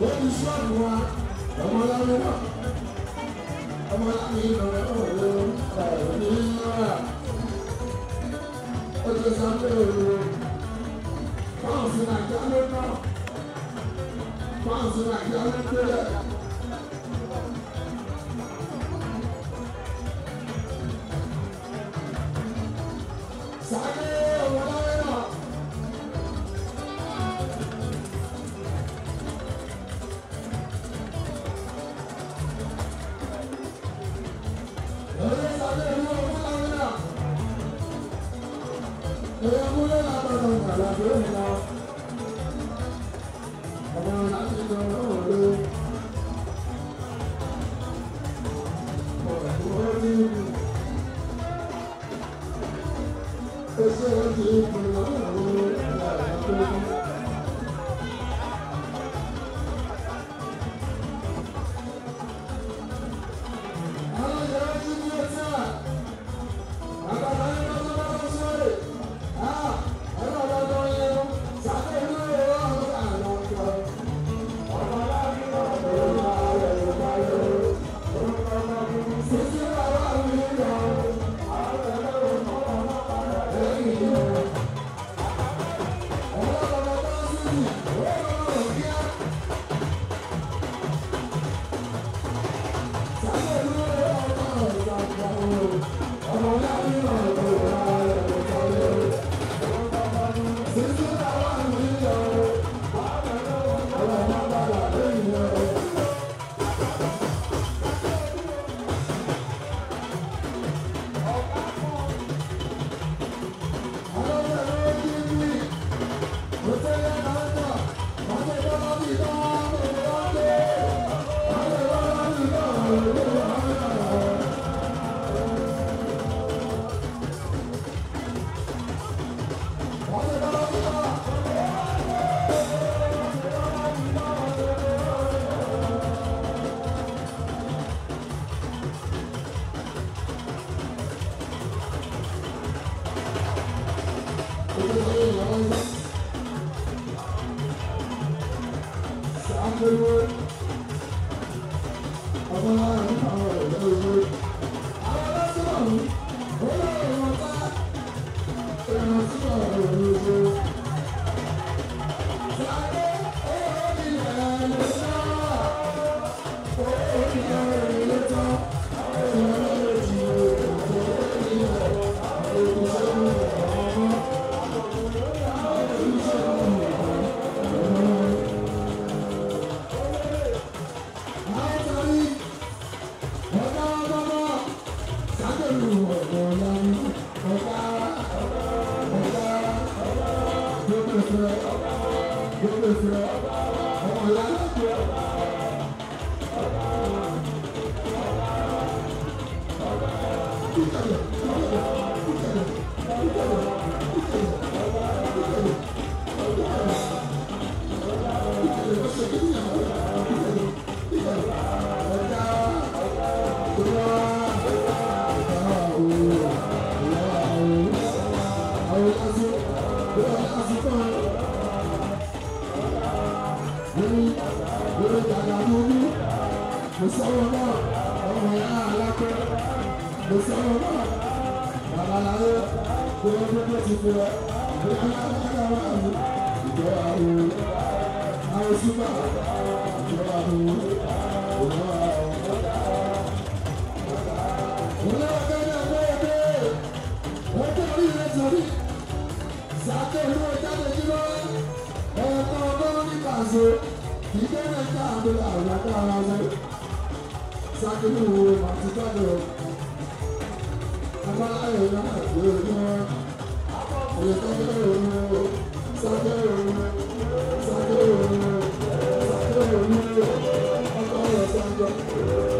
lórí ṣọ́ọ̀bù wa ọmọláwé náà ọmọláwé ìlọrẹ òwò ọ̀rọ̀ ní náírà ó ti sọ pé òru fáwọn sí nàìjíríà Thank you. ọ̀sán lára nípa àwọn ẹ̀rọ ìwé àwọn ọlọ́sọ̀rọ̀ gbèsè ọmọ ìyá lẹ́kọ̀ọ́. wúrú wúrú dàgbà mú mi mo sọ̀rọ̀ náà ọmọ ìyá alákọ̀ mo sọ̀rọ̀ náà bàbá làwọ̀ tó ń gbé ti fi rẹ̀ ìgbéyàwó alágbára wà ní ìjọba àwọn àwọn súpà ìjọba àwọn ìjọba àwọn. Sate, no, ya te quiero kàṣe ìgbẹ́nà káàdé àgbàdo ara rẹ sákìlì wo àti jáde abáláyé náà lè mú èyí tó fẹ́ rẹ̀ mú sákìlì rẹ̀ mú sákìlì rẹ̀ mú sákìlì rẹ̀ mú ọkọ̀ rẹ̀ sọ́jọ́.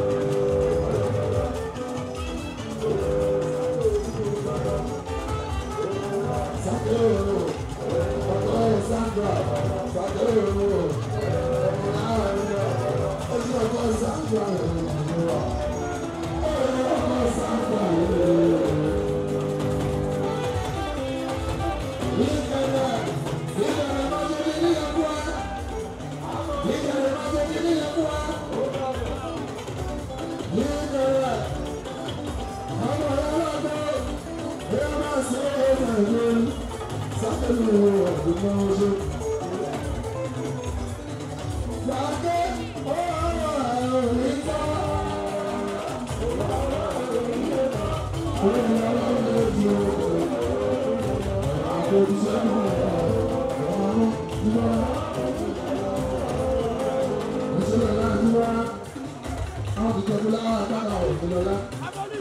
Abọ́lí.